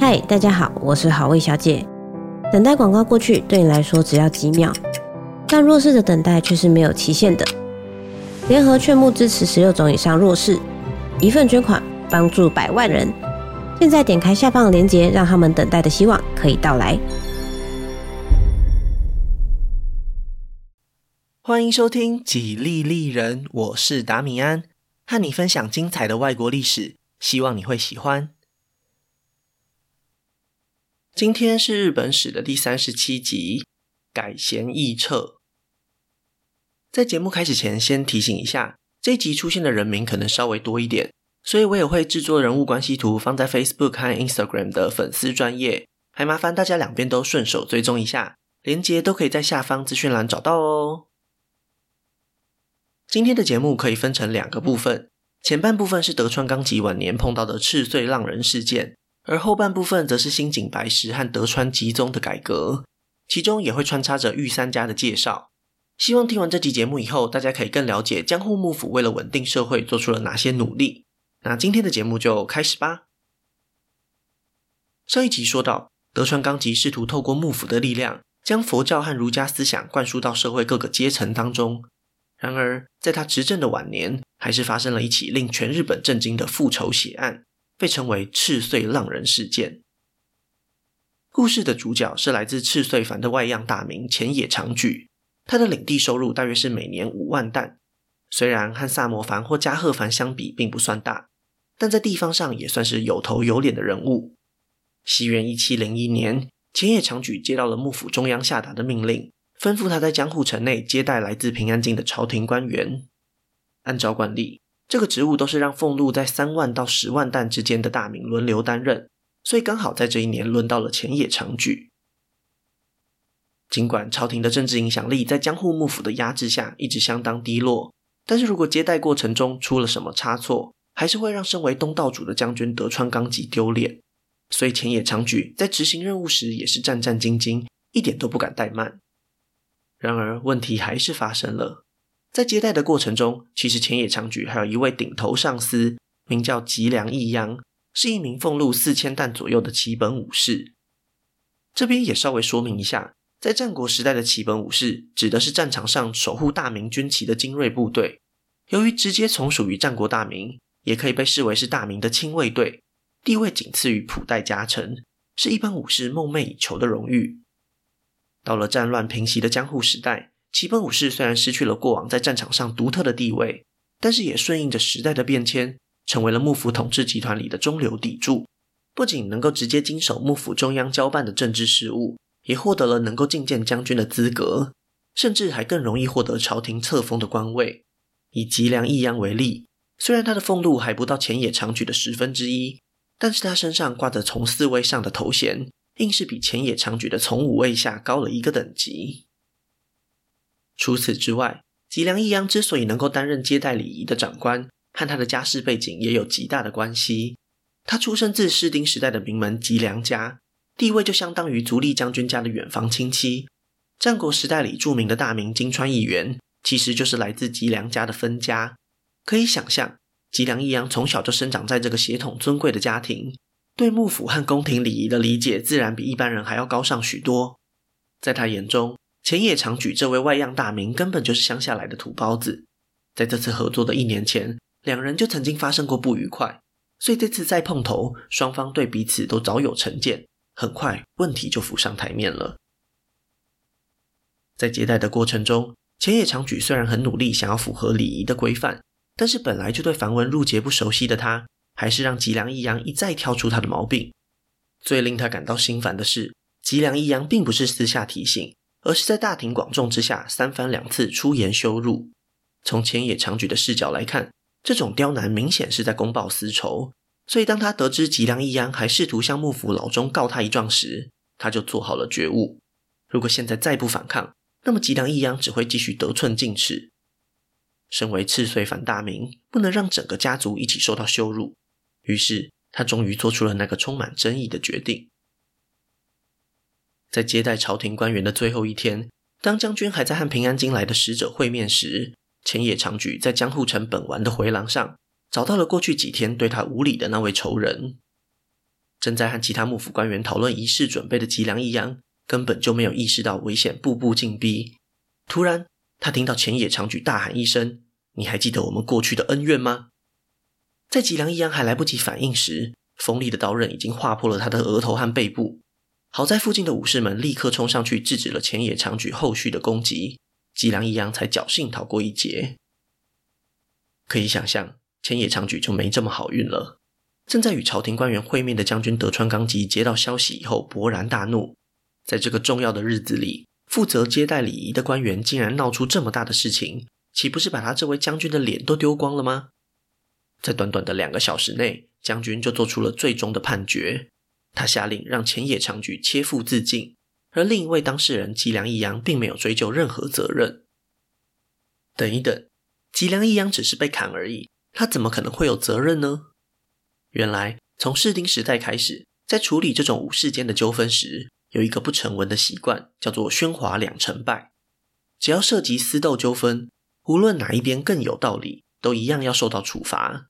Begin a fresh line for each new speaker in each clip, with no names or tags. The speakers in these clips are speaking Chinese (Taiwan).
嗨，Hi, 大家好，我是好味小姐。等待廣告過去對你來說只要幾秒，但弱勢的等待卻是沒有期限的。聯合勸募支持十六種以上弱勢，一份捐款幫助百萬人。現在點開下方的鏈接，讓他們等待的希望可以到來。歡迎收聽《己立立人》，我是達米安，和你分享精彩的外國歷史，希望你會喜歡。今天是日本史的第三十七集《改弦易轍》。在節目開始前，先提醒一下，這集出現的人名可能稍微多一點，所以我也會制作人物關係圖，放在 Facebook 和 Instagram 的粉絲專頁，還麻煩大家兩邊都順手追蹤一下，連接都可以在下方資訊欄找到哦。今天的節目可以分成兩個部分，前半部分是德川綱吉晚年碰到的赤穗浪人事件。而後半部分則是新井白石和德川吉宗的改革，其中也會穿插着御三家的介紹。希望聽完這集節目以後，大家可以更了解江戶幕府為了穩定社會做出了哪些努力。那今天的節目就開始吧。上一集說到，德川綱吉試圖透過幕府的力量，將佛教和儒家思想灌輸到社會各個階層當中。然而，在他執政的晚年，還是發生了一起令全日本震驚的復仇血案。被稱為赤穗浪人事件。故事的主角是來自赤穗藩的外樣大名淺野長矩，他的領地收入大約是每年五萬擔，雖然和薩摩藩或加賀藩相比並不算大，但在地方上也算是有頭有臉的人物。西元一七零一年，淺野長矩接到了幕府中央下達的命令，吩咐他在江戶城內接待來自平安京的朝廷官員。按照慣例，這個職務都是讓俸祿在三萬到十萬石之間的大名輪流擔任，所以剛好在這一年輪到了淺野長矩。儘管朝廷的政治影響力在江戶幕府的壓制下一直相當低落，但是如果接待過程中出了什麼差錯，還是會讓身為東道主的將軍德川綱吉丟臉。所以淺野長矩在執行任務時也是戰戰兢兢，一點都不敢怠慢。然而，問題還是發生了。在接待的過程中，其實淺野長矩還有一位頂頭上司，名叫吉良義央，是一名俸祿四千石左右的旗本武士。這邊也稍微說明一下，在戰國時代的旗本武士，指的是戰場上守護大名軍旗的精銳部隊。由於直接從屬於戰國大名，也可以被視為是大名的親衛隊，地位僅次於譜代家臣，是一般武士夢寐以求的榮譽。到了戰亂平息的江戶時代，旗本武士雖然失去了過往在戰場上獨特的地位，但是也順應着時代的變遷，成為了幕府統治集團裡的中流砥柱。不僅能夠直接經手幕府中央交辦的政治事務，也獲得了能夠覲見將軍的資格，甚至還更容易獲得朝廷冊封的官位。以吉良義央為例，雖然他的俸祿還不到淺野長矩的十分之一，但是他身上掛着從四位上的頭銜，硬是比淺野長矩的從五位下高了一個等級。除此之外，吉良義央之所以能夠擔任接待禮儀的長官，和他的家世背景也有極大的關係。他出身自室町時代的名門吉良家，地位就相當於足利將軍家的遠房親戚。戰國時代裡著名的大名今川義元其實就是來自吉良家的分家。可以想象，吉良義央從小就生長在這個血統尊貴的家庭，對幕府和宮廷禮儀的理解，自然比一般人還要高尚許多。在他眼中，淺野長矩這位外樣大名根本就是鄉下來的土包子，在這次合作的一年前，兩人就曾經發生過不愉快，所以這次再碰頭，雙方對彼此都早有成見，很快問題就浮上台面了。在接待的過程中，淺野長矩雖然很努力想要符合禮儀的規範，但是本來就對繁文縟節不熟悉的他，還是讓吉良義央一再挑出他的毛病。最令他感到心煩的是，吉良義央並不是私下提醒。而是在大庭廣眾之下三番兩次出言羞辱。從淺野長矩的視角來看，這種刁難明顯是在公報私仇。所以，當他得知吉良義央還試圖向幕府老中告他一狀時，他就做好了覺悟：如果現在再不反抗，那麼吉良義央只會繼續得寸進尺。身為赤穗藩大名，不能讓整個家族一起受到羞辱。於是，他終於做出了那個充滿爭議的決定。在接待朝廷官員的最後一天，當將軍還在和平安京來的使者會面時，淺野長矩在江戶城本丸的回廊上找到了過去幾天對他無禮的那位仇人，正在和其他幕府官員討論儀式準備的吉良義央根本就沒有意識到危險，步步進逼。突然，他聽到淺野長矩大喊一聲：“你還記得我們過去的恩怨嗎？”在吉良義央還來不及反應時，鋒利的刀刃已經劃破了他的額頭和背部。好在附近的武士們立刻衝上去制止了淺野長矩後續的攻擊，吉良義央才僥幸逃過一劫。可以想象，淺野長矩就沒這麼好運了。正在與朝廷官員會面的將軍德川綱吉接到消息以後，勃然大怒。在這個重要的日子裡，負責接待禮儀的官員竟然鬧出這麼大的事情，豈不是把他這位將軍的臉都丟光了嗎？在短短的兩個小時內，將軍就做出了最終的判決。他下令讓淺野長矩切腹自盡，而另一位當事人吉良義央並沒有追究任何責任。等一等，吉良義央只是被砍而已，他怎麼可能會有責任呢？原來，從室町時代開始，在處理這種武士間的糾紛時，有一個不成文的習慣，叫做“喧嘩兩成敗”。只要涉及私鬥糾紛，無論哪一邊更有道理，都一樣要受到處罰。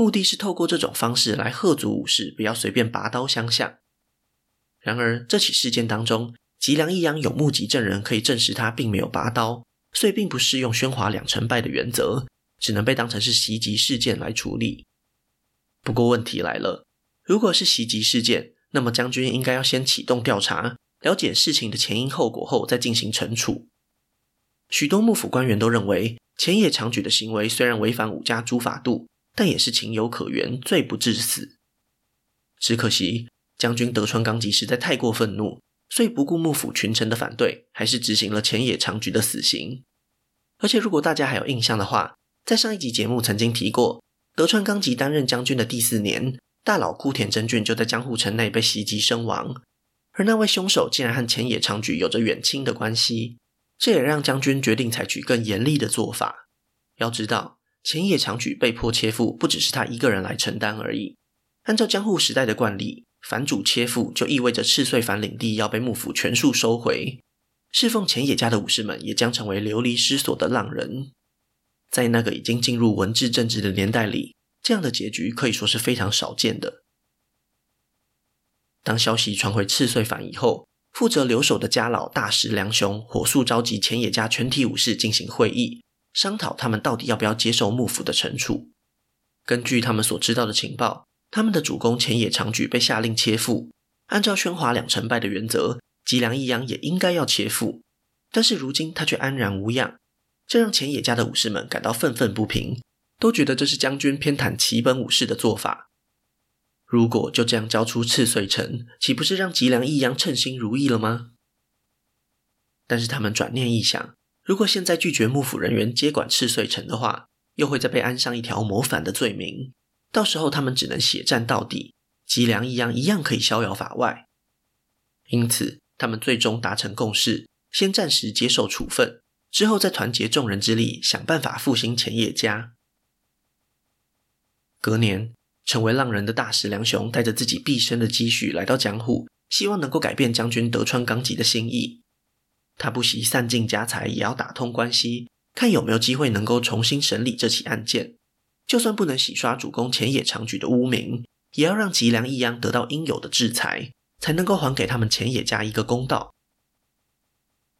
目的是透過這種方式來嚇阻武士不要隨便拔刀相向。然而，這起事件當中，吉良義央有目擊證人可以證實他並沒有拔刀，所以並不適用喧嘩兩成敗的原則，只能被當成是襲擊事件來處理。不過，問題來了，如果是襲擊事件，那麼將軍應該要先啟動調查，了解事情的前因後果後再進行懲處。許多幕府官員都認為，淺野長矩的行為雖然違反武家諸法度。但也是情有可原，罪不至死。只可惜將軍德川綱吉實在太過憤怒，所以不顧幕府群臣的反對，還是執行了淺野長矩的死刑。而且，如果大家還有印象的話，在上一集節目曾經提過，德川綱吉擔任將軍的第四年，大老堀田正俊就在江戶城內被襲擊身亡，而那位兇手竟然和淺野長矩有着遠親的關係，這也讓將軍決定採取更嚴厲的做法。要知道。淺野長矩被迫切腹，不只是他一個人來承擔而已。按照江戶時代的慣例，藩主切腹就意味着赤穗藩領地要被幕府全數收回，侍奉淺野家的武士們也將成為流離失所的浪人。在那個已經進入文治政治的年代裡，這樣的結局可以說是非常少見的。當消息傳回赤穗藩以後，負責留守的家老大石良雄火速召集淺野家全體武士進行會議。商討他們到底要不要接受幕府的懲處。根據他們所知道的情報，他們的主公淺野長矩被下令切腹。按照喧嘩兩成敗的原則，吉良義央也應該要切腹。但是如今他卻安然無恙，這讓淺野家的武士們感到憤憤不平，都覺得這是將軍偏袒旗本武士的做法。如果就這樣交出赤穗城，豈不是讓吉良義央稱心如意了嗎？但是他們轉念一想，如果現在拒絕幕府人員接管赤穗城的話，又會再被安上一條謀反的罪名，到時候他們只能血戰到底，吉良義央一樣可以逍遙法外。因此，他們最終達成共識，先暫時接受處分，之後再團結眾人之力，想辦法復興淺野家。隔年，成為浪人的大石良雄帶着自己畢生的積蓄來到江戶，希望能夠改變將軍德川綱吉的心意。他不惜散盡家財，也要打通關係，看有沒有機會能夠重新審理這起案件。就算不能洗刷主公淺野長矩的汙名，也要讓吉良義央得到應有的制裁，才能夠還給他們淺野家一個公道。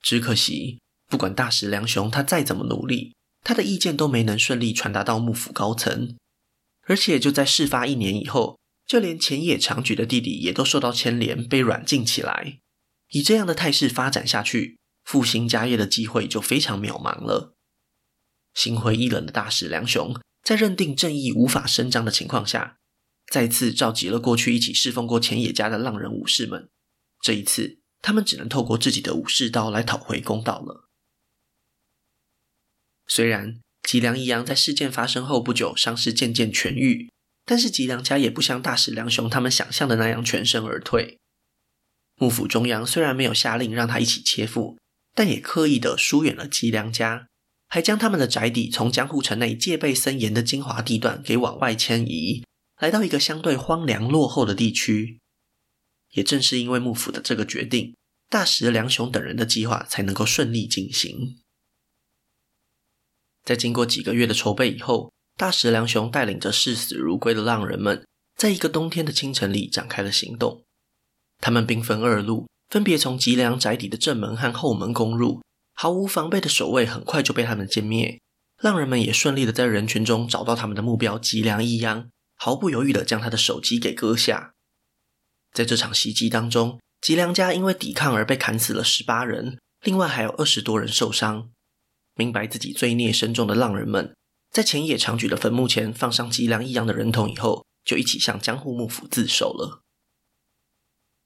只可惜，不管大石良雄他再怎麼努力，他的意見都沒能順利傳達到幕府高層。而且就在事發一年以後，就連淺野長矩的弟弟也都受到牽連，被軟禁起來。以這樣的態勢發展下去。復興家業的機會就非常渺茫了。心灰意冷的大石良雄，在認定正義無法伸張的情況下，再次召集了過去一起侍奉過淺野家的浪人武士們。這一次，他們只能透過自己的武士刀來討回公道了。雖然吉良義央在事件發生後不久傷勢漸漸痊癒，但是吉良家也不像大石良雄他們想象的那樣全身而退。幕府中央雖然沒有下令讓他一起切腹。但也刻意的疏遠了吉良家，還將他們的宅邸從江戶城內戒備森嚴的精華地段給往外遷移，來到一個相對荒涼落後的地區。也正是因為幕府的這個決定，大石良雄等人的計劃才能夠順利進行。在經過幾個月的籌備以後，大石良雄帶領着視死如歸的浪人們，在一個冬天的清晨裡展開了行動。他們兵分二路。分別從吉良宅邸的正門和後門攻入，毫無防備的守衛很快就被他們殲滅。浪人們也順利的在人群中找到他們的目標吉良義央，毫不猶豫的將他的首級給割下。在這場襲擊當中，吉良家因為抵抗而被砍死了十八人，另外還有二十多人受傷。明白自己罪孽深重的浪人們，在淺野長矩的墳墓前放上吉良義央的人頭以後，就一起向江戶幕府自首了。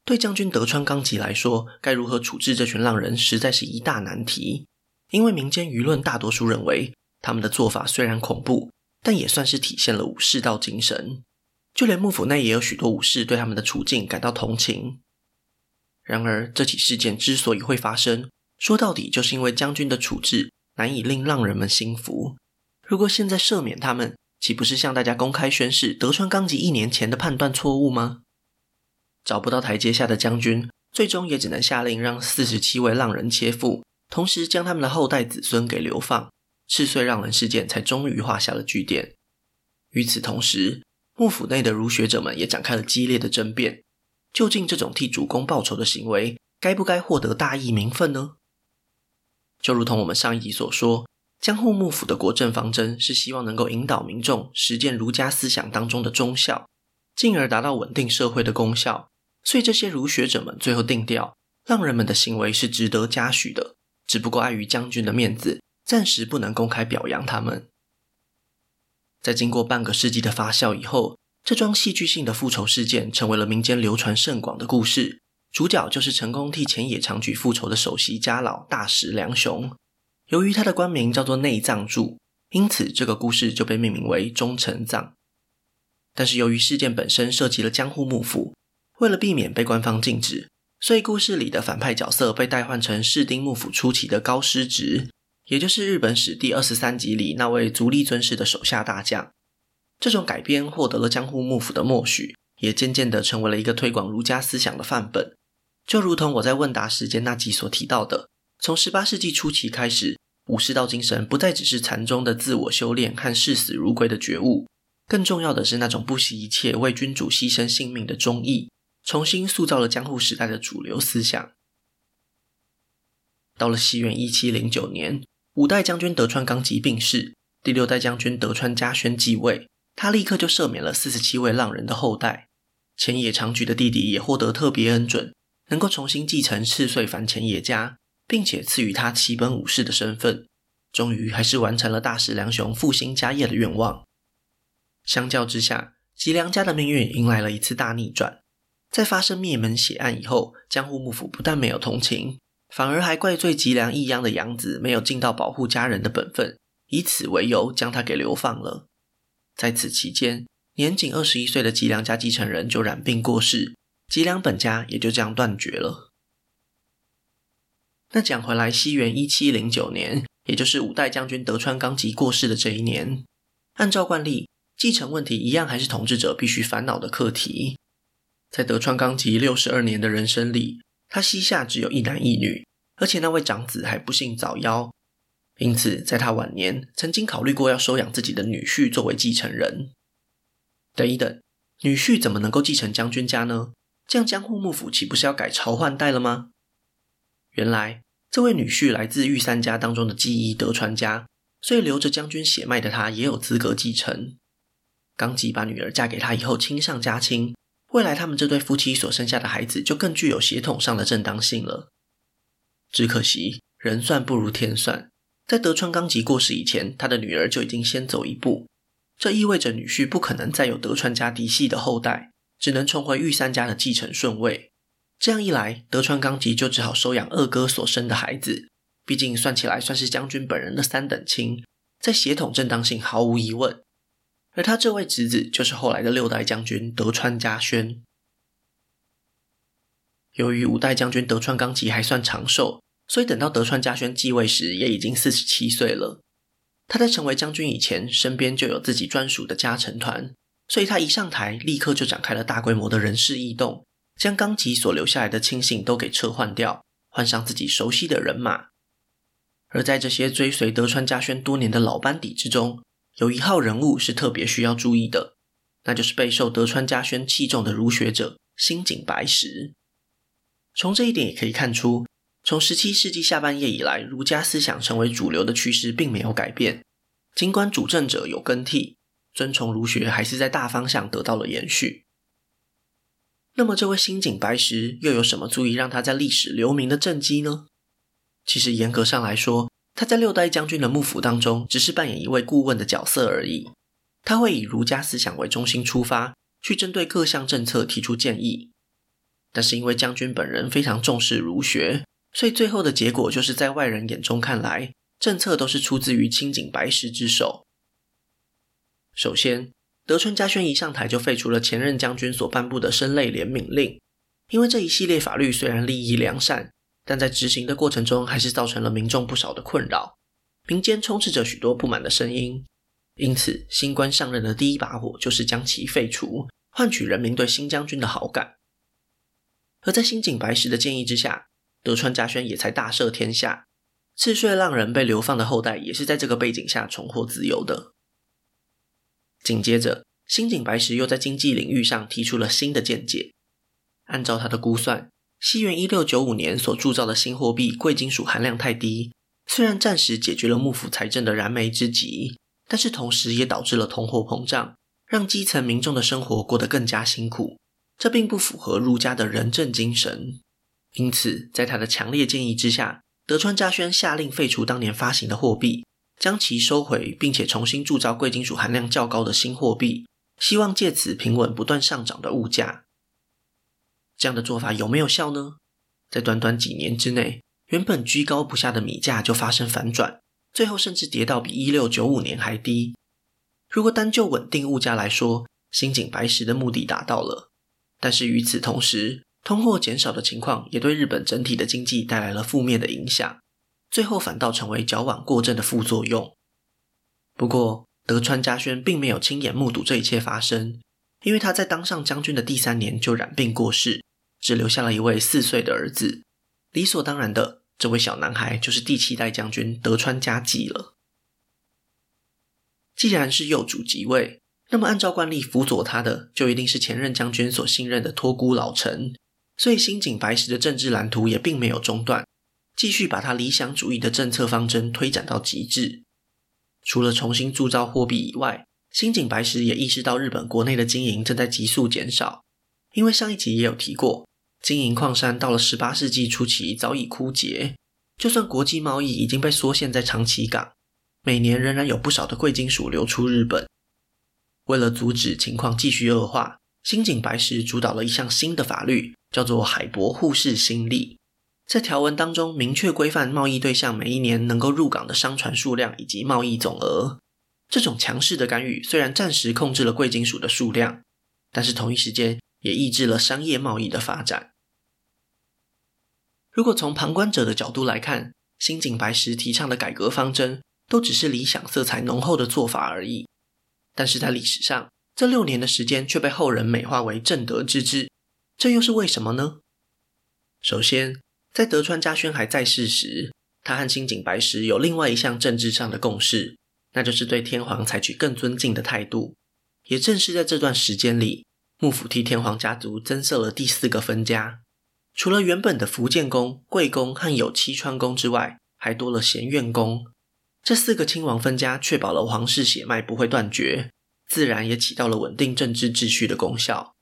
對將軍德川綱吉來說，該如何處置這群浪人，實在是一大難題。因為民間輿論大多數認為，他們的做法雖然恐怖，但也算是體現了武士道精神。就連幕府內也有許多武士對他們的處境感到同情。然而，這起事件之所以會發生，說到底就是因為將軍的處置難以令浪人們心服。如果現在赦免他們，豈不是向大家公開宣示德川綱吉一年前的判斷錯誤嗎？找不到台階下的將軍，最終也只能下令讓四十七位浪人切腹，同時將他們的後代子孫給流放。赤穗浪人事件才終於畫下了句點。與此同時，幕府內的儒學者們也展開了激烈的爭辯：究竟這種替主公報仇的行為，該不該獲得大義名分呢？就如同我們上一集所說，江戶幕府的國政方針是希望能夠引導民眾實踐儒家思想當中的忠孝，進而達到穩定社會的功效。所以這些儒學者們最後定調，浪人們的行為是值得嘉許的，只不過礙於將軍的面子，暫時不能公開表揚他們。在經過半個世紀的發酵以後，這樁戲劇性的復仇事件成為了民間流傳甚廣的故事，主角就是成功替淺野長矩復仇的首席家老大石良雄。由於他的官名叫做內藏助，因此這個故事就被命名為忠臣藏。但是由於事件本身涉及了江戶幕府。為了避免被官方禁止，所以故事裡的反派角色被代換成室町幕府初期的高師直，也就是日本史第二十三集裡那位足利尊氏的手下大將。這種改編獲得了江戶幕府的默許，也漸漸地成為了一個推廣儒家思想的範本。就如同我在問答時間那集所提到的，從十八世紀初期開始，武士道精神不再只是禪宗的自我修煉和視死如歸的覺悟，更重要的是那種不惜一切為君主犧牲性命的忠義。重新塑造了江戶時代的主流思想。到了西元一七零九年，五代將軍德川綱吉病逝，第六代將軍德川家宣繼位，他立刻就赦免了四十七位浪人的後代，淺野長矩的弟弟也獲得特別恩准，能夠重新繼承赤穗藩淺野家，並且賜予他旗本武士的身份，終於還是完成了大石良雄復興家業的願望。相較之下，吉良家的命運迎來了一次大逆轉。在發生滅門血案以後，江戶幕府不但沒有同情，反而還怪罪吉良義央的養子沒有盡到保護家人的本分，以此為由將他給流放了。在此期間，年僅二十一歲的吉良家繼承人就染病過世，吉良本家也就這樣斷絕了。那講回來，西元一七零九年，也就是五代將軍德川綱吉過世的這一年，按照慣例，繼承問題一樣還是統治者必須煩惱的課題。在德川綱吉六十二年的人生裡，他膝下只有一男一女，而且那位長子還不幸早夭，因此在他晚年曾經考慮過要收養自己的女婿作為繼承人。等一等，女婿怎麼能夠繼承將軍家呢？這樣江戶幕府豈不是要改朝換代了嗎？原來這位女婿來自御三家當中的紀伊德川家，所以流着將軍血脈的他也有資格繼承。綱吉把女兒嫁給他以後，親上加親。未來他們這對夫妻所生下的孩子就更具有血統上的正當性了。只可惜人算不如天算，在德川綱吉過世以前，他的女兒就已經先走一步，這意味着女婿不可能再有德川家嫡系的後代，只能重回御三家的繼承順位。這樣一來，德川綱吉就只好收養二哥所生的孩子，畢竟算起來算是將軍本人的三等親，在血統正當性毫無疑問。而他這位侄子就是後來的六代將軍德川家宣。由於五代將軍德川綱吉還算長壽，所以等到德川家宣繼位時，也已經四十七歲了。他在成為將軍以前，身邊就有自己專屬的家臣團，所以他一上台，立刻就展開了大規模的人事異動，將綱吉所留下來的親信都給撤換掉，換上自己熟悉的人馬。而在這些追隨德川家宣多年的老班底之中，有一號人物是特別需要注意的，那就是備受德川家宣器重的儒學者新井白石。從這一點也可以看出，從十七世紀下半葉以來，儒家思想成為主流的趨勢並沒有改變。儘管主政者有更替，尊崇儒學還是在大方向得到了延續。那麼，這位新井白石又有什麼足以讓他在歷史留名的政績呢？其實，嚴格上來說，他在六代將軍的幕府當中，只是扮演一位顧問的角色而已。他會以儒家思想為中心出發，去針對各項政策提出建議。但是因為將軍本人非常重視儒學，所以最後的結果就是在外人眼中看來，政策都是出自於新井白石之手。首先，德川家宣一上台就廢除了前任將軍所頒布的生類憐憫令，因為這一系列法律雖然立意良善，但在執行的過程中，還是造成了民眾不少的困擾，民間充斥着許多不滿的聲音。因此，新官上任的第一把火就是將其廢除，換取人民對新將軍的好感。而在新井白石的建議之下，德川家宣也才大赦天下，赤穗浪人被流放的後代也是在這個背景下重獲自由的。緊接着，新井白石又在經濟領域上提出了新的見解，按照他的估算，西元一六九五年所鑄造的新貨幣，貴金屬含量太低，雖然暫時解決了幕府財政的燃眉之急，但是同時也導致了通貨膨脹，讓基層民眾的生活過得更加辛苦。這並不符合儒家的仁政精神。因此，在他的強烈建議之下，德川家宣下令廢除當年發行的貨幣，將其收回，並且重新鑄造貴金屬含量較高的新貨幣，希望借此平穩不斷上漲的物價。這樣的做法有沒有效呢？在短短幾年之內，原本居高不下的米價就發生反轉，最後甚至跌到比一六九五年還低。如果單就穩定物價來說，新井白石的目的達到了。但是與此同時，通貨減少的情況也對日本整體的經濟帶來了負面的影響，最後反倒成為矯枉過正的副作用。不過，德川家宣並沒有親眼目睹這一切發生。因為他在當上將軍的第三年就染病過世，只留下了一位四歲的兒子。理所當然的，這位小男孩就是第七代將軍德川家繼了。既然是幼主即位，那麼按照慣例，輔佐他的就一定是前任將軍所信任的托孤老臣。所以，新井白石的政治藍圖也並沒有中斷，繼續把他理想主義的政策方針推展到極致。除了重新鑄造貨幣以外，新井白石也意識到，日本國內的金銀正在急速減少。因為上一集也有提過，金銀礦山到了18世紀初期早已枯竭。就算國際貿易已經被縮限在長崎港，每年仍然有不少的貴金屬流出日本。為了阻止情況繼續惡化，新井白石主導了一項新的法律，叫做《海舶互市新例》。在條文當中，明確規範貿易對象每一年能夠入港的商船數量以及貿易總額。這種強勢的干預雖然暫時控制了貴金屬的數量，但是同一時間也抑制了商業貿易的發展。如果從旁觀者的角度來看，新井白石提倡的改革方針都只是理想色彩濃厚的做法而已。但是在歷史上，這六年的時間卻被後人美化為正德之治，這又是為什麼呢？首先，在德川家宣還在世時，他和新井白石有另外一項政治上的共識。那就是對天皇採取更尊敬的態度。也正是在這段時間裡，幕府替天皇家族增設了第四個分家，除了原本的伏見宮、桂宮和有棲川宮之外，還多了閑院宮。這四個親王分家確保了皇室血脈不會斷絕，自然也起到了穩定政治秩序的功效。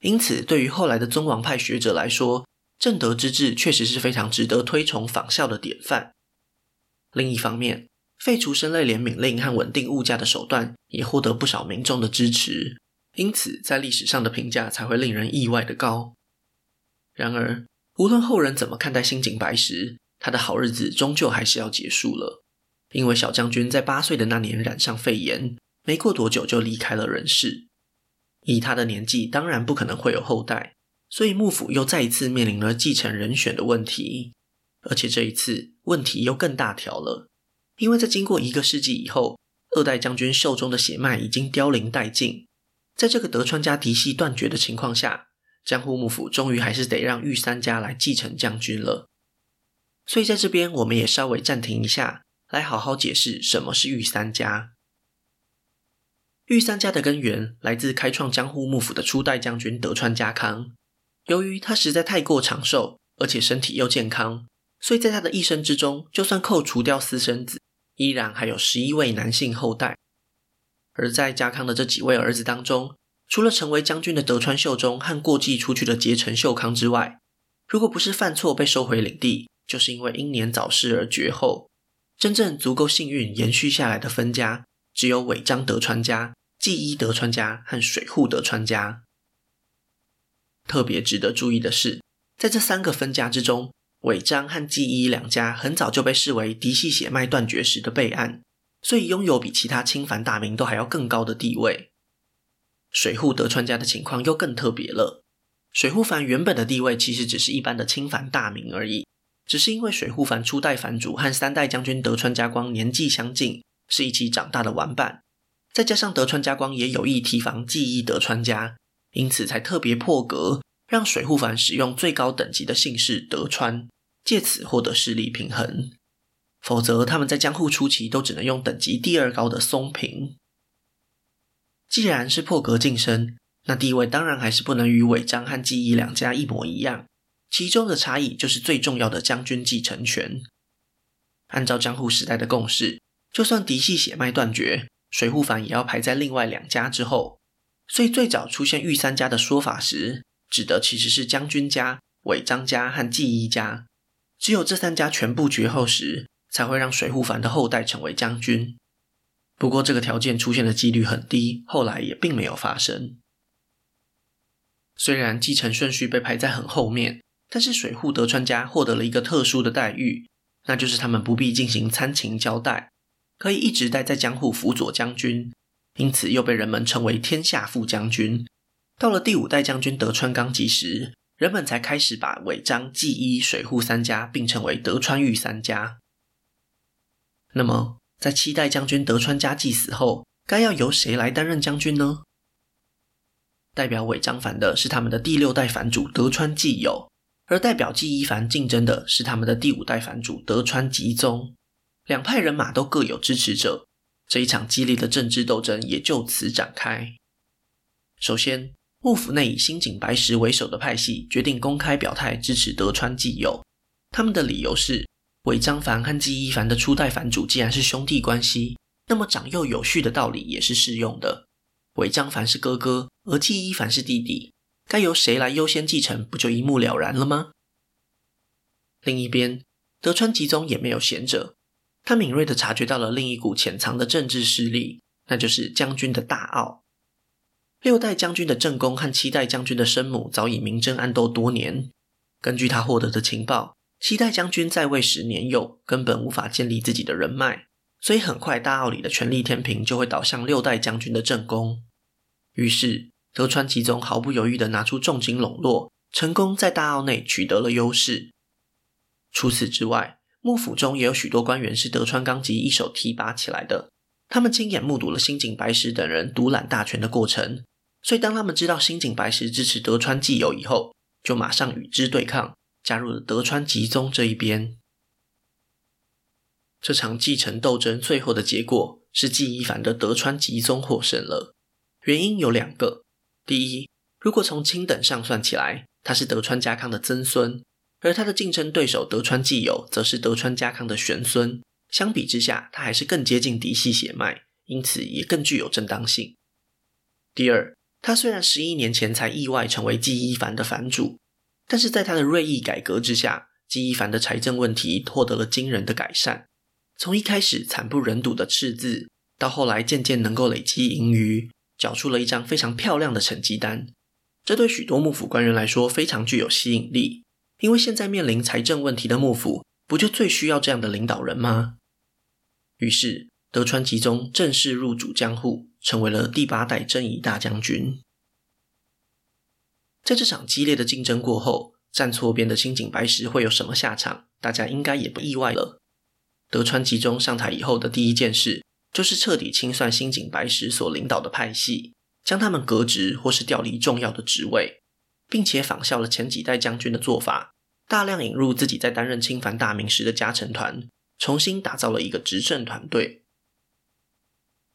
因此，對於後來的尊王派學者來說，正德之治確實是非常值得推崇仿效的典範。另一方面，廢除生類憐憫令和穩定物價的手段，也獲得不少民眾的支持，因此在歷史上的評價才會令人意外的高。然而，無論後人怎麼看待新井白石，他的好日子終究還是要結束了，因為小將軍在八歲的那年染上肺炎，沒過多久就離開了人世。以他的年紀，當然不可能會有後代，所以幕府又再一次面臨了繼承人選的問題，而且這一次問題又更大條了。因為在經過一個世紀以後，二代將軍秀忠的血脈已經凋零殆盡，在這個德川家嫡系斷絕的情況下，江戶幕府終於還是得讓御三家來繼承將軍了。所以在這邊，我們也稍微暫停一下，來好好解釋什麼是御三家。御三家的根源來自開創江戶幕府的初代將軍德川家康，由於他實在太過長壽，而且身體又健康，所以在他的一生之中，就算扣除掉私生子。依然還有十一位男性後代，而在家康的這幾位兒子當中，除了成為將軍的德川秀忠和過繼出去的結城秀康之外，如果不是犯錯被收回領地，就是因為英年早逝而絕後。真正足夠幸運延續下來的分家，只有尾張德川家、紀伊德川家和水戶德川家。特別值得注意的是，在這三個分家之中，尾張和紀伊兩家很早就被視為嫡系血脈斷絕時的備案，所以擁有比其他親藩大名都還要更高的地位。水戶德川家的情況又更特別了。水戶藩原本的地位其實只是一般的親藩大名而已，只是因為水戶藩初代藩主和三代將軍德川家光年紀相近，是一起長大的玩伴，再加上德川家光也有意提防紀伊德川家，因此才特別破格讓水戶藩使用最高等級的姓氏德川，借此獲得勢力平衡，否則他們在江戶初期都只能用等級第二高的松平。既然是破格晉升，那地位當然還是不能與尾張和紀伊兩家一模一樣。其中的差異就是最重要的將軍繼承權。按照江戶時代的共識，就算嫡系血脈斷絕，水戶藩也要排在另外兩家之後。所以最早出現“御三家”的說法時，指的其實是將軍家、尾張家和紀伊家。只有這三家全部絕後時，才會讓水戶藩的後代成為將軍。不過，這個條件出現的幾率很低，後來也並沒有發生。雖然繼承順序被排在很後面，但是水戶德川家獲得了一個特殊的待遇，那就是他們不必進行參勤交代，可以一直待在江戶輔佐將軍，因此又被人們稱為天下副將軍。到了第五代將軍德川綱吉時。人們才開始把尾張紀伊、水戶三家並稱為德川御三家。那麼，在七代將軍德川家繼死後，該要由誰來擔任將軍呢？代表尾張藩的是他們的第六代藩主德川繼友，而代表紀伊藩競爭的是他們的第五代藩主德川吉宗。兩派人馬都各有支持者，這一場激烈的政治鬥爭也就此展開。首先。幕府內以新井白石為首的派系決定公開表態支持德川繼友。他們的理由是：尾張藩和紀伊藩的初代藩主既然是兄弟關係，那麼長幼有序的道理也是適用的。尾張藩是哥哥，而紀伊藩是弟弟，該由誰來優先繼承，不就一目了然了嗎？另一邊，德川吉宗也沒有閒着，他敏銳地察覺到了另一股潛藏的政治勢力，那就是將軍的大奧。六代將軍的正宮和七代將軍的生母早已明爭暗鬥多年。根據他獲得的情報，七代將軍在位時年幼，根本無法建立自己的人脈，所以很快大奧裡的權力天平就會倒向六代將軍的正宮。於是德川吉宗毫不猶豫地拿出重金籠絡，成功在大奧內取得了優勢。除此之外，幕府中也有許多官員是德川綱吉一手提拔起來的，他們親眼目睹了新井白石等人獨攬大權的過程。所以，當他們知道新井白石支持德川繼友以後，就馬上與之對抗，加入了德川吉宗這一邊。這場繼承鬥爭最後的結果是紀伊藩的德川吉宗獲勝了。原因有兩個：第一，如果從親等上算起來，他是德川家康的曾孫，而他的競爭對手德川繼友則是德川家康的玄孫。相比之下，他還是更接近嫡系血脈，因此也更具有正當性。第二。他雖然十一年前才意外成為紀伊藩的藩主，但是在他的銳意改革之下，紀伊藩的財政問題獲得了驚人的改善。從一開始慘不忍睹的赤字，到後來漸漸能夠累積盈餘，繳出了一張非常漂亮的成績單。這對許多幕府官員來說非常具有吸引力，因為現在面臨財政問題的幕府，不就最需要這樣的領導人嗎？於是，德川吉宗正式入主江戶。成為了第八代征夷大將軍。在這場激烈的競爭過後，站錯邊的新井白石會有什麼下場？大家應該也不意外了。德川吉宗上台以後的第一件事，就是徹底清算新井白石所領導的派系，將他們革職或是調離重要的職位，並且仿效了前幾代將軍的做法，大量引入自己在擔任親藩大名時的家臣團，重新打造了一個執政團隊。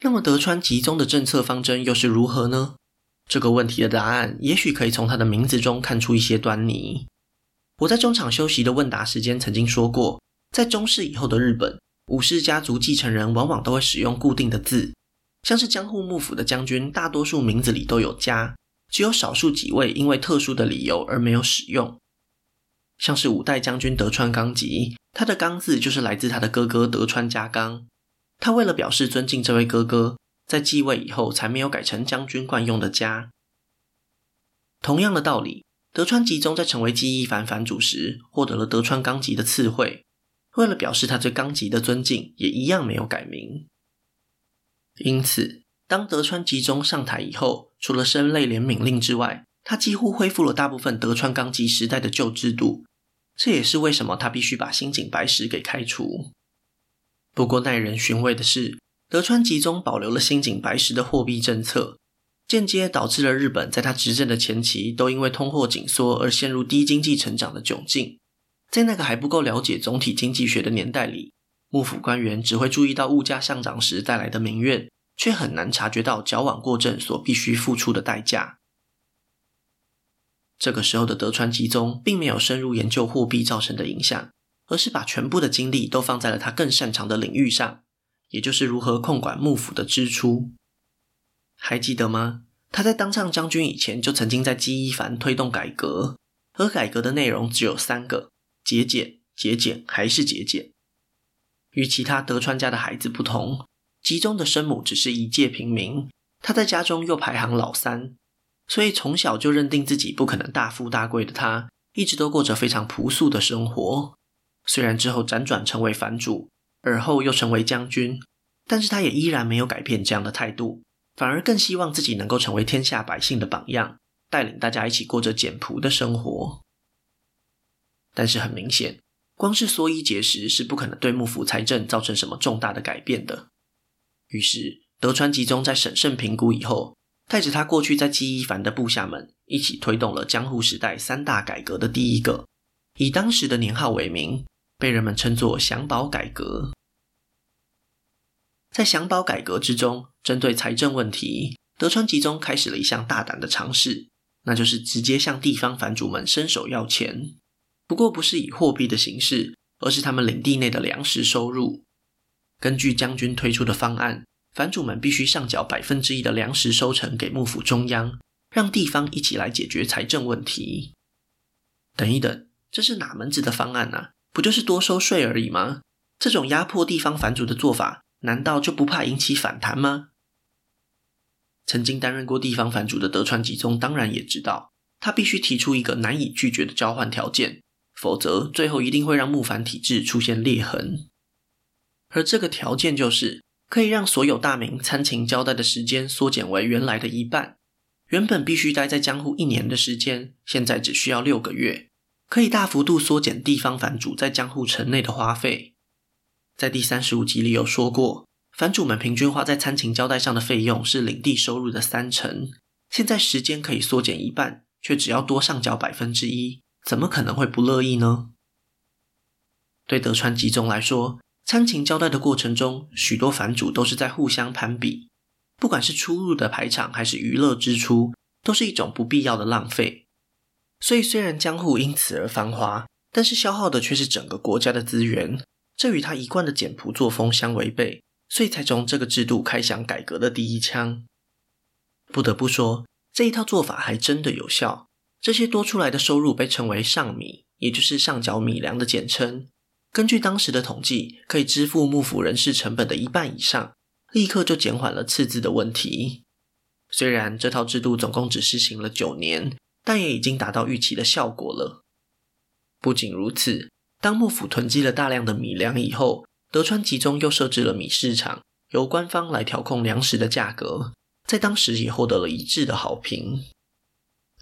那麼德川吉宗的政策方針又是如何呢？這個問題的答案也許可以從他的名字中看出一些端倪。我在中場休息的問答時間曾經說過，在中世以後的日本，武士家族繼承人往往都會使用固定的字，像是江戶幕府的將軍，大多數名字裡都有“家”，只有少數幾位因為特殊的理由而沒有使用。像是五代將軍德川綱吉，他的綱字就是來自他的哥哥德川家綱。他為了表示尊敬這位哥哥，在繼位以後才沒有改成將軍慣用的家。同樣的道理，德川吉宗在成為紀伊藩藩主時，獲得了德川綱吉的賜諱，為了表示他對綱吉的尊敬，也一樣沒有改名。因此，當德川吉宗上台以後，除了生類憐憫令之外，他幾乎恢復了大部分德川綱吉時代的舊制度。這也是為什麼他必須把新井白石給開除。不過耐人尋味的是，德川吉宗保留了新井白石的貨幣政策，間接導致了日本在他執政的前期都因為通貨緊縮而陷入低經濟成長的窘境。在那個還不夠了解總體經濟學的年代裡，幕府官員只會注意到物價上漲時帶來的民怨，卻很難察覺到矯枉過正所必須付出的代價。這個時候的德川吉宗並沒有深入研究貨幣造成的影響。而是把全部的精力都放在了他更擅長的領域上，也就是如何控管幕府的支出。還記得嗎？他在當上將軍以前，就曾經在紀伊藩推動改革，而改革的內容只有三個：節儉、節儉還是節儉。與其他德川家的孩子不同，吉宗的生母只是一介平民，他在家中又排行老三，所以從小就認定自己不可能大富大貴的他，一直都過着非常樸素的生活。雖然之後輾轉成為藩主，而後又成為將軍，但是他也依然沒有改變這樣的態度，反而更希望自己能夠成為天下百姓的榜樣，帶領大家一起過着簡樸的生活。但是很明顯，光是縮衣節食是不可能對幕府財政造成什麼重大的改變的。於是，德川吉宗在審慎評估以後，帶着他過去在紀伊藩的部下們一起推動了江戶時代三大改革的第一個，以當時的年號為名，被人們稱作“享保改革”。在享保改革之中，針對財政問題，德川吉宗開始了一項大膽的嘗試，那就是直接向地方藩主們伸手要錢。不過，不是以貨幣的形式，而是他們領地內的糧食收入。根據將軍推出的方案，藩主們必須上繳百分之一的糧食收成給幕府中央，讓地方一起來解決財政問題。等一等，這是哪門子的方案呢？啊？不就是多收稅而已嗎？這種壓迫地方藩主的做法，難道就不怕引起反彈嗎？曾經擔任過地方藩主的德川吉宗當然也知道，他必須提出一個難以拒絕的交換條件，否則最後一定會讓幕藩體制出現裂痕。而這個條件就是可以讓所有大名參勤交代的時間縮減為原來的一半，原本必須待在江戶一年的時間，現在只需要六個月。可以大幅度縮減地方藩主在江戶城內的花費。在第三十五集裡有說過，藩主們平均花在參勤交代上的費用是領地收入的三成。現在時間可以縮減一半，卻只要多上繳百分之一，怎麼可能會不樂意呢？對德川吉宗來說，參勤交代的過程中，許多藩主都是在互相攀比，不管是出入的排場還是娛樂支出，都是一種不必要的浪費。所以，雖然江戶因此而繁華，但是消耗的卻是整個國家的資源，這與他一貫的簡樸作風相違背，所以才從這個制度開響改革的第一槍。不得不說，這一套做法還真的有效。這些多出來的收入被稱為上米，也就是上繳米糧的簡稱。根據當時的統計，可以支付幕府人事成本的一半以上，立刻就減緩了赤字的問題。雖然這套制度總共只施行了九年。但也已經達到預期的效果了。不僅如此，當幕府囤積了大量的米糧以後，德川吉宗又設置了米市場，由官方來調控糧食的價格，在當時也獲得了一致的好評。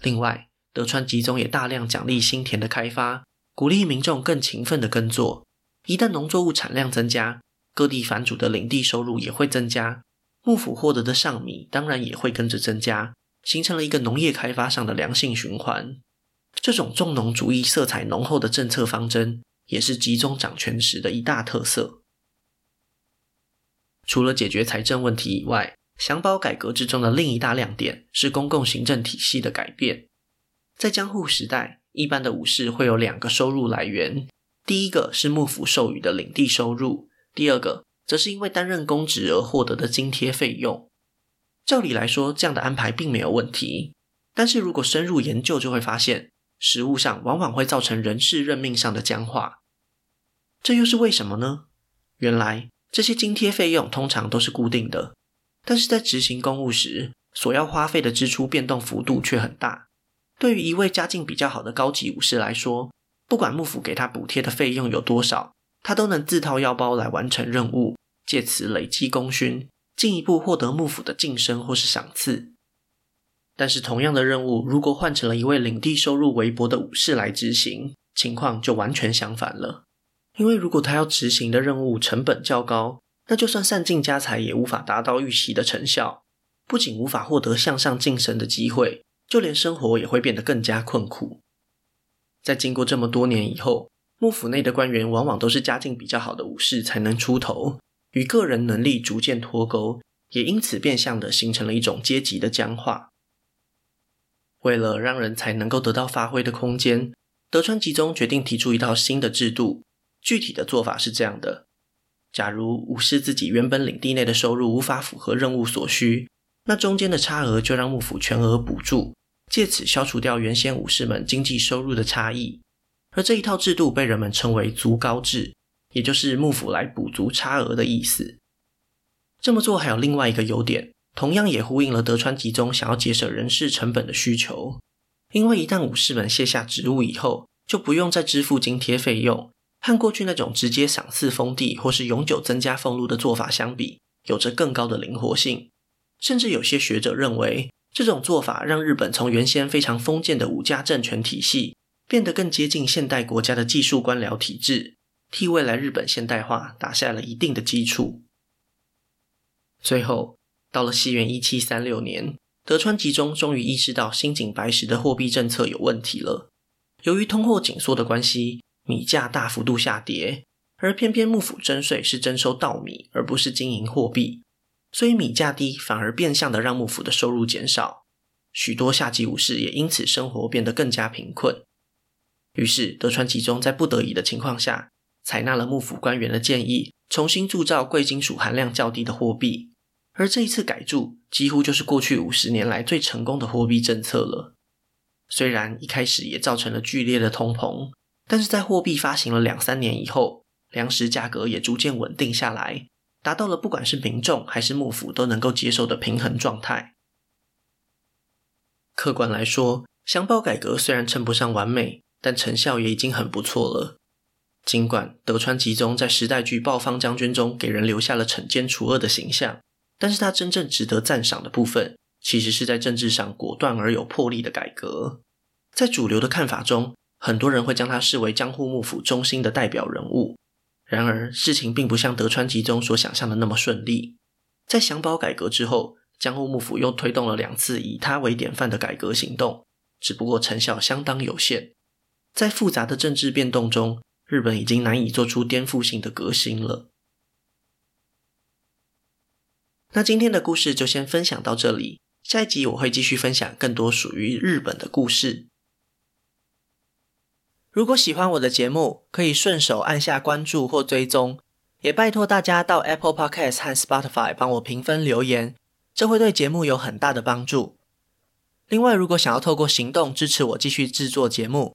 另外，德川吉宗也大量獎勵新田的開發，鼓勵民眾更勤奮的耕作。一旦農作物產量增加，各地藩主的領地收入也會增加，幕府獲得的上米當然也會跟着增加。形成了一個農業開發上的良性循環。這種重農主義色彩濃厚的政策方針，也是吉宗掌權時的一大特色。除了解決財政問題以外，享保改革之中的另一大亮點是公共行政體系的改變。在江戶時代，一般的武士會有兩個收入來源：第一個是幕府授予的領地收入，第二個則是因為擔任公職而獲得的津貼費用。照理來說，這樣的安排並沒有問題。但是如果深入研究，就會發現，實務上往往會造成人事任命上的僵化。這又是為什麼呢？原來，這些津貼費用通常都是固定的，但是在執行公務時，所要花費的支出變動幅度卻很大。對於一位家境比較好的高級武士來說，不管幕府給他補貼的費用有多少，他都能自掏腰包來完成任務，借此累積功勳。進一步獲得幕府的晉升或是賞賜，但是同樣的任務，如果換成了一位領地收入微薄的武士來執行，情況就完全相反了。因為如果他要執行的任務成本較高，那就算散盡家財也無法達到預期的成效，不僅無法獲得向上晉升的機會，就連生活也會變得更加困苦。在經過這麼多年以後，幕府內的官員往往都是家境比較好的武士才能出頭。與個人能力逐漸脫鈎，也因此變相的形成了一種階級的僵化。為了讓人才能夠得到發揮的空間，德川吉宗決定提出一套新的制度。具體的做法是這樣的：假如武士自己原本領地內的收入無法符合任務所需，那中間的差額就讓幕府全額補助，借此消除掉原先武士們經濟收入的差異。而這一套制度被人們稱為“足高制”。也就是幕府來補足差額的意思。這麼做還有另外一個優點，同樣也呼應了德川吉宗想要節省人事成本的需求。因為一旦武士們卸下職務以後，就不用再支付津貼費用，和過去那種直接賞賜封地或是永久增加俸祿的做法相比，有着更高的靈活性。甚至有些學者認為，這種做法讓日本從原先非常封建的武家政權體系，變得更接近現代國家的技術官僚體制。替未來日本現代化打下了一定的基礎。最後，到了西元一七三六年，德川吉宗終於意識到新井白石的貨幣政策有問題了。由於通貨緊縮的關係，米價大幅度下跌，而偏偏幕府徵稅是徵收稻米而不是金銀貨幣，所以米價低反而變相的讓幕府的收入減少，許多下級武士也因此生活變得更加貧困。於是，德川吉宗在不得已的情況下，採納了幕府官員的建議，重新鑄造貴金屬含量較低的貨幣。而這一次改鑄，幾乎就是過去五十年來最成功的貨幣政策了。雖然一開始也造成了劇烈的通膨，但是在貨幣發行了兩三年以後，糧食價格也逐漸穩定下來，達到了不管是民眾還是幕府都能夠接受的平衡狀態。客觀來說，享保改革雖然稱不上完美，但成效也已經很不錯了。儘管德川吉宗在時代劇《暴坊將軍》中給人留下了懲奸除惡的形象，但是他真正值得讚賞的部分，其實是在政治上果斷而有魄力的改革。在主流的看法中，很多人會將他視為江戶幕府中興的代表人物。然而，事情並不像德川吉宗所想象的那麼順利。在享保改革之後，江戶幕府又推動了兩次以他為典範的改革行動，只不過成效相當有限。在複雜的政治變動中，日本已經難以做出顛覆性的革新了。那今天的故事就先分享到這裡，下一集我會繼續分享更多屬於日本的故事。如果喜歡我的節目，可以順手按下關注或追蹤，也拜託大家到 Apple Podcast 和 Spotify 幫我評分留言，這會對節目有很大的幫助。另外，如果想要透過行動支持我繼續製作節目，